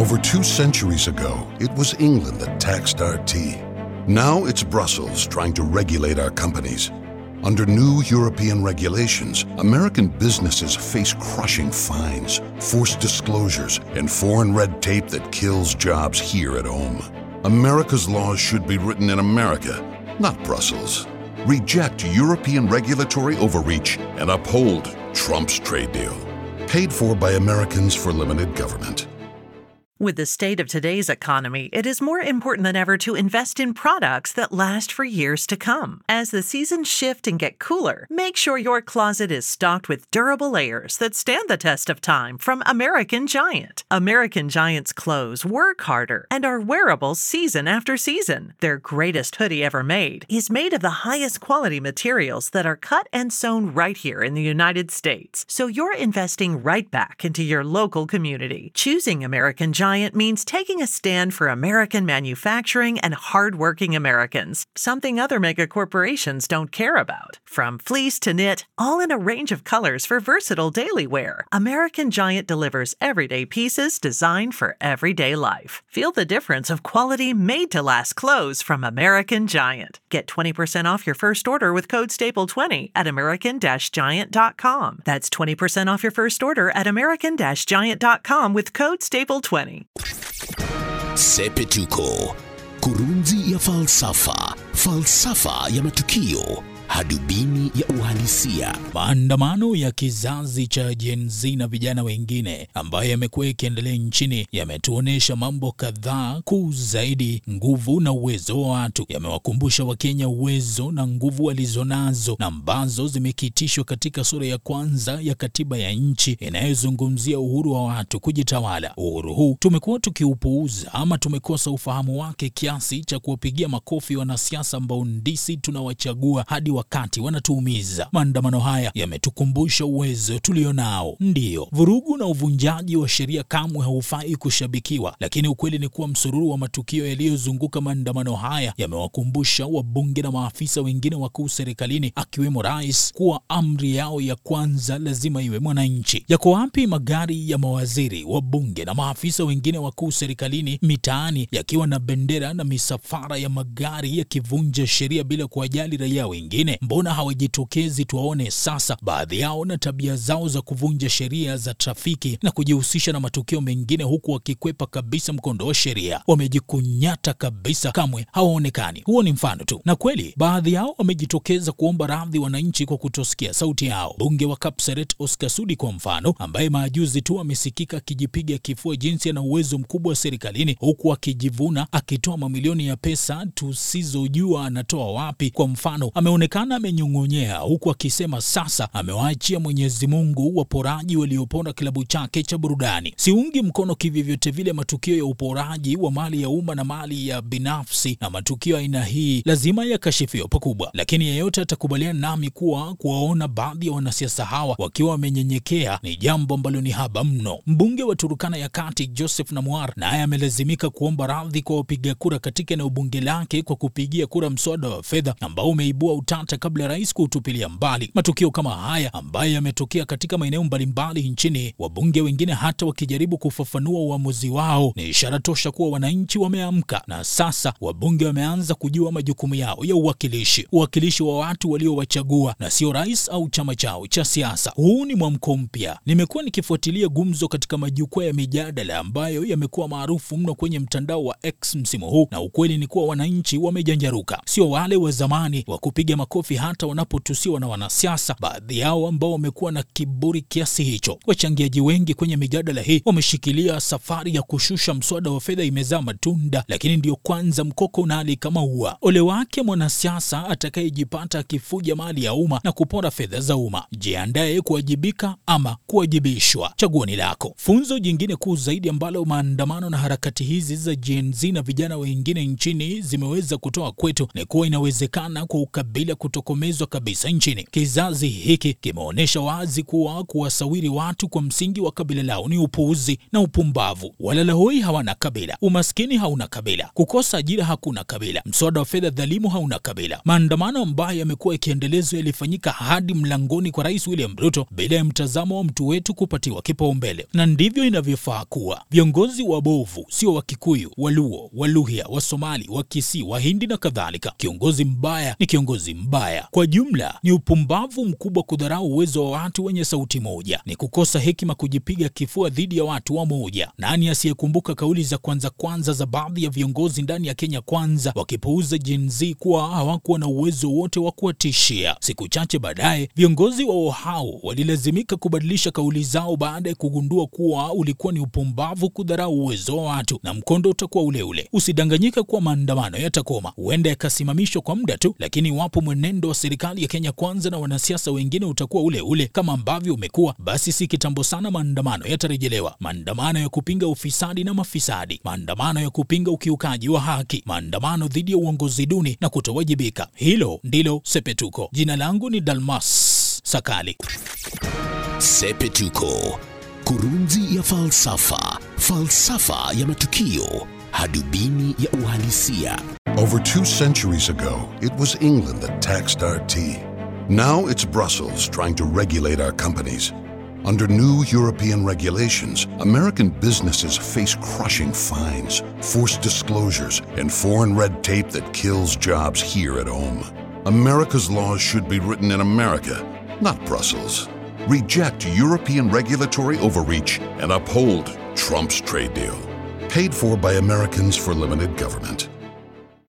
Over two centuries ago, it was England that taxed our tea. Now it's Brussels trying to regulate our companies. Under new European regulations, American businesses face crushing fines, forced disclosures, and foreign red tape that kills jobs here at home. America's laws should be written in America, not Brussels. Reject European regulatory overreach and uphold Trump's trade deal. Paid for by Americans for limited government. With the state of today's economy, it is more important than ever to invest in products that last for years to come. As the seasons shift and get cooler, make sure your closet is stocked with durable layers that stand the test of time from American Giant. American Giant's clothes work harder and are wearable season after season. Their greatest hoodie ever made is made of the highest quality materials that are cut and sewn right here in the United States. So you're investing right back into your local community. Choosing American Giant giant means taking a stand for American manufacturing and hardworking Americans, something other mega corporations don't care about. From fleece to knit, all in a range of colors for versatile daily wear, American Giant delivers everyday pieces designed for everyday life. Feel the difference of quality made to last clothes from American Giant. Get 20% off your first order with code STAPLE20 at american-giant.com. That's 20% off your first order at american-giant.com with code STAPLE20. Sepetuko, kurunzi ya falsafa, falsafa ya matukio hadubini ya uhalisia. Maandamano ya kizazi cha Gen Z na vijana wengine ambayo yamekuwa yakiendelea nchini yametuonesha mambo kadhaa kuu zaidi: nguvu na uwezo wa watu. Yamewakumbusha Wakenya uwezo na nguvu walizonazo na ambazo zimekitishwa katika sura ya kwanza ya katiba ya nchi inayozungumzia uhuru wa watu kujitawala. Uhuru huu tumekuwa tukiupuuza ama tumekosa ufahamu wake kiasi cha kuwapigia makofi wanasiasa ambao ndisi tunawachagua hadi wa wakati wanatuumiza. Maandamano haya yametukumbusha uwezo tulionao. Ndiyo, vurugu na uvunjaji wa sheria kamwe haufai kushabikiwa, lakini ukweli ni kuwa msururu wa matukio yaliyozunguka maandamano haya yamewakumbusha wabunge na maafisa wengine wakuu serikalini, akiwemo rais, kuwa amri yao ya kwanza lazima iwe mwananchi. Yako wapi magari ya mawaziri, wabunge na maafisa wengine wakuu serikalini mitaani yakiwa na bendera na misafara ya magari yakivunja sheria bila kuwajali raia wengine? wengine mbona hawajitokezi tuwaone sasa? Baadhi yao na tabia zao za kuvunja sheria za trafiki na kujihusisha na matukio mengine, huku wakikwepa kabisa mkondo wa sheria, wamejikunyata kabisa, kamwe hawaonekani. Huo ni mfano tu, na kweli baadhi yao wamejitokeza kuomba radhi wananchi kwa kutosikia sauti yao. Mbunge wa Kapseret Oscar Sudi kwa mfano, ambaye maajuzi tu amesikika akijipiga kifua jinsi ana uwezo mkubwa serikalini, huku akijivuna akitoa mamilioni ya pesa tusizojua anatoa wapi. Kwa mfano ameonekana anaonekana amenyong'onyea, huku akisema sasa amewaachia Mwenyezi Mungu waporaji walioponda kilabu chake cha burudani. Siungi mkono kivyovyote vile matukio ya uporaji wa mali ya umma na mali ya binafsi, na matukio aina hii lazima yakashifiwa pakubwa, lakini yeyote atakubaliana nami kuwa kuwaona baadhi ya wanasiasa hawa wakiwa wamenyenyekea ni jambo ambalo ni haba mno. Mbunge wa Turukana ya Kati Joseph Namwar naye amelazimika kuomba radhi kwa wapiga kura katika eneo bunge lake kwa kupigia kura mswada wa fedha ambao umeibua utata hata kabla ya rais kuutupilia mbali matukio kama haya ambayo yametokea katika maeneo mbalimbali nchini, wabunge wengine hata wakijaribu kufafanua uamuzi wao, ni ishara tosha kuwa wananchi wameamka, na sasa wabunge wameanza kujua majukumu yao ya uwakilishi, uwakilishi wa watu waliowachagua na sio rais au chama chao cha siasa. Huu ni mwamko mpya. Nimekuwa nikifuatilia gumzo katika majukwaa ya mijadala ambayo yamekuwa maarufu mno kwenye mtandao wa X msimu huu, na ukweli ni kuwa wananchi wamejanjaruka, sio wale wa zamani wa kupiga makofi hata wanapotusiwa na wanasiasa, baadhi yao ambao wamekuwa na kiburi kiasi hicho. Wachangiaji wengi kwenye mijadala hii wameshikilia safari ya kushusha mswada wa fedha imezaa matunda, lakini ndiyo kwanza mkoko unali kama ua. Ole wake mwanasiasa atakayejipata akifuja mali ya umma na kupora fedha za umma. Jiandaye kuwajibika ama kuwajibishwa, chaguo ni lako. Funzo jingine kuu zaidi ambalo maandamano na harakati hizi za Gen Z na vijana wengine nchini zimeweza kutoa kwetu ni kuwa inawezekana kwa ukabila kutokomezwa kabisa nchini. Kizazi hiki kimeonyesha wazi kuwa kuwasawiri watu kwa msingi wa kabila lao ni upuuzi na upumbavu. Walalahoi hawana kabila, umaskini hauna kabila, kukosa ajira hakuna kabila, mswada wa fedha dhalimu hauna kabila. Maandamano ambayo yamekuwa yakiendelezwa yalifanyika hadi mlangoni kwa Rais William Ruto bila ya mtazamo wa mtu wetu kupatiwa kipaumbele, na ndivyo inavyofaa kuwa. Viongozi wabovu sio Wakikuyu, Waluo, Waluhya, Wasomali, Wakisii, Wahindi na kadhalika. Kiongozi mbaya ni kiongozi mbaya mbaya. Kwa jumla, ni upumbavu mkubwa kudharau uwezo wa watu wenye sauti moja, ni kukosa hekima kujipiga kifua dhidi ya watu wa moja. Nani asiyekumbuka kauli za kwanza kwanza za baadhi ya viongozi ndani ya Kenya Kwanza wakipuuza Gen Z kuwa hawakuwa na uwezo wote wa kuwatishia? Siku chache baadaye, viongozi wa OHAU walilazimika kubadilisha kauli zao baada ya kugundua kuwa ulikuwa ni upumbavu kudharau uwezo wa watu, na mkondo utakuwa uleule. usidanganyika kuwa maandamano yatakoma, huenda yakasimamishwa kwa muda tu, lakini iwapo mwenendo wa serikali ya Kenya Kwanza na wanasiasa wengine utakuwa ule ule kama ambavyo umekuwa, basi si kitambo sana maandamano yatarejelewa. Maandamano ya kupinga ufisadi na mafisadi, maandamano ya kupinga ukiukaji wa haki, maandamano dhidi ya uongozi duni na kutowajibika. Hilo ndilo Sepetuko. Jina langu ni Dalmas Sakali. Sepetuko, kurunzi ya falsafa, falsafa ya matukio, hadubini ya uhalisia. Over two centuries ago, it was England that taxed our tea. Now it's Brussels trying to regulate our companies. Under new European regulations, American businesses face crushing fines, forced disclosures, and foreign red tape that kills jobs here at home. America's laws should be written in America, not Brussels. Reject European regulatory overreach and uphold Trump's trade deal. Paid for by Americans for Limited Government.